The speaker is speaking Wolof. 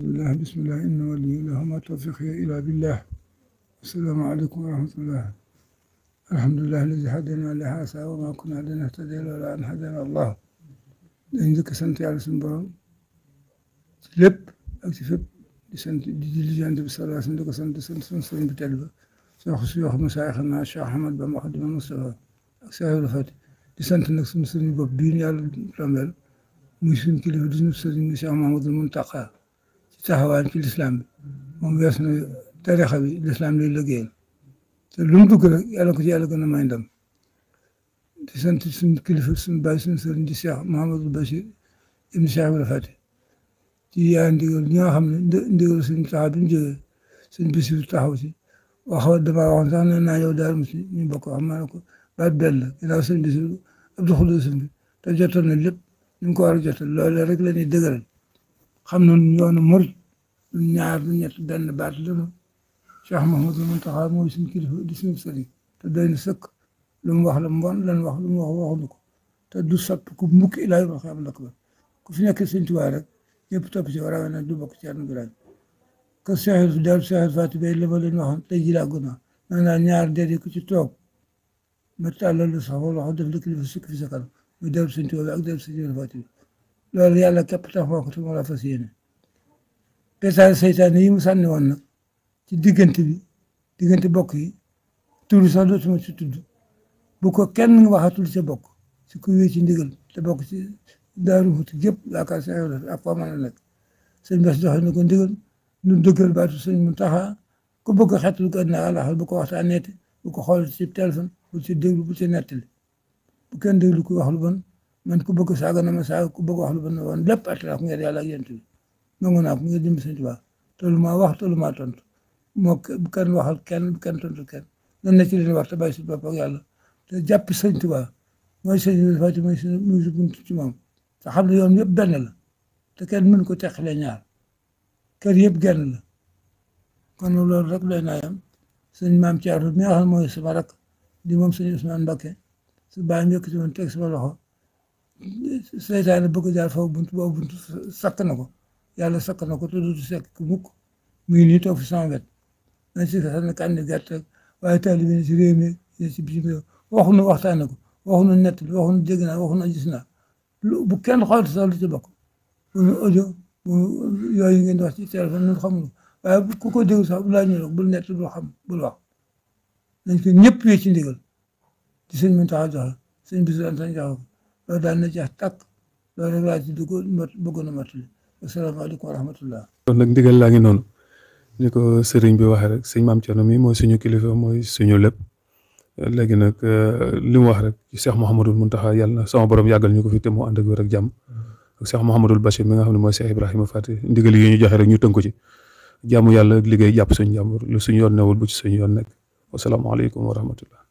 بسم الله بسم الله إن ولي الله ما توفيق إلا بالله السلام عليكم ورحمة الله الحمد لله الذي هدانا لحاسا وما كنا لنهتدي لولا أن هدانا الله عندك سنتي على سنبرم لب أكتف سنتي دي دي اللي عندي بالصلاة عندك سنتي سنت سنت سنت بتلب شيخ شيخ مشايخ الناس شيخ أحمد بن محمد بن مصطفى أكسر الفات دي سنت عندك سنت سنت ببيني على الرمل مش سنت كله دي سنت سنت مش أحمد المنتقى شهوان في الإسلام مم يسمى تاريخ الإسلام للجيل تلوم دوك على كذي على كنا ما عندهم تسنت سن كل سن باي سن سن دي شيخ محمد البشير ابن شيخ الفاتح تي عندي يقول نيا هم دي يقول سن صاحب نجي سن بسيط تحوسي واخوات دبا وانت انا نايو دار مسي نبقى هم انا بعد بل الى سن بسيط ابدو خلو سن تجتن اللب نمكو ارجتن لا رجلني دقرن xam nañu yoonu murit ñun ñaar du ñett benn baat lanu Cheikh Mahmadul Muntaxa mooy suñu kilifa di suñu sëriñ te doy na sëkk lu mu wax la mu bon lan wax lu mu wax waxuñu ko te du sopp ku mukk ilaa yu wax am la ko ku fi nekk sëñ Tuubaa rek ñëpp topp ci warawe nag du bokk ci Cerno Birahim que Cheikh Daal Cheikh Fatou Bey la ma leen waxoon tey ji laa gën a naan ñaar déedéet ku ci toog ma tàllal la sax wala wax def la kilifa sukk fi sa kanam muy dellu sëñ Tuubaa ak dellu sëñ Fatou loolu yàlla képp taxoo ko te moo la fas yéene pesaare seytaane yi mu sànni woon nag ci diggante bi diggante bokk yi turu sax dootuma ci tudd bu ko kenn nga waxatul sa bokk ci ku wéy ci ndigal te bokk ci daaru xut gépp la sa yow ak koo a nekk sëñ bés doxe na ko ndigal nu dëggal baatu sëñ mu taxa ku bëgg xetul ko na àlaxal bu ko waxtaanee bu ko xool ci téléphone bu ci déglu bu ci nettali bu kenn déglu ku wax lu man ku bëgg saaga na ma saaga ku bëgg wax lu bon woon lépp at laa ko ngir yàlla ak yent bi nangu naa dimb sëñ Tuubaa te wax te lu ma tontu moo kenn waxal ken kenn tontu kenn nan la ci leen wax te bàyyi suñu bopp ak yàlla te jàpp sëñ Tuubaa mooy sëñ bi fàtte mooy moom te xam ne yoon yëpp benn la te kenn mënu ko teqale ñaar kër yëpp genn la kon loolu rek doy naa yem sëñ maam mi nga mooy sama rak di moom sëñ Ousmane Mbacké su bàyyi njëkk ci woon teg sama loxo seytaane bëgg jaar foofu bunt boobu bunt sakk na ko yàlla sakk na ko te du sekk mukk mu ngi nii toog fi sama wet nañ si sax ne kànni gàtt waaye taalibe ne si réew mi ne si bitim réew waxuñu waxtaane ko waxuñu nett bi waxuñu dégg naa waxuñu gis naa lu bu kenn xool sax lu ci bokk buñu audio bu yooyu ngeen di wax ci téléphone ñun xamuñu waaye ku ko dégg sax bu laaj ñu bul nett bul xam bul wax nañ ko ñëpp yee ci ndigal di sëñ mën taxaw joxe bisu antan joxe loolu daal na jeex tàkk loolu rek laa ci dugg bëggoon a matali asalaamaaleykum wa rahmatullah laa ngi noonu ni ko sëriñ bi waxee rek sëñ maam Thierno mi mooy suñu kilifa mooy suñu lépp léegi nag euh, li mu wax rek ci Cheikh Mouhamadul Mountakha yàlla na sama borom yàggal ñu ko fi te mu ànd ak wér ak jàmm ak Cheikh Mouhamadul Bachir mi nga xam ne mooy Cheikh Ibrahima Fati ndigal yi ñu joxe rek ñu tënku ci jàmm yàlla liggéey jàpp suñ jàmbur lu suñu yoon newul bu ci suñu yoon nekk wasalaamaaleykum wa rahmatullah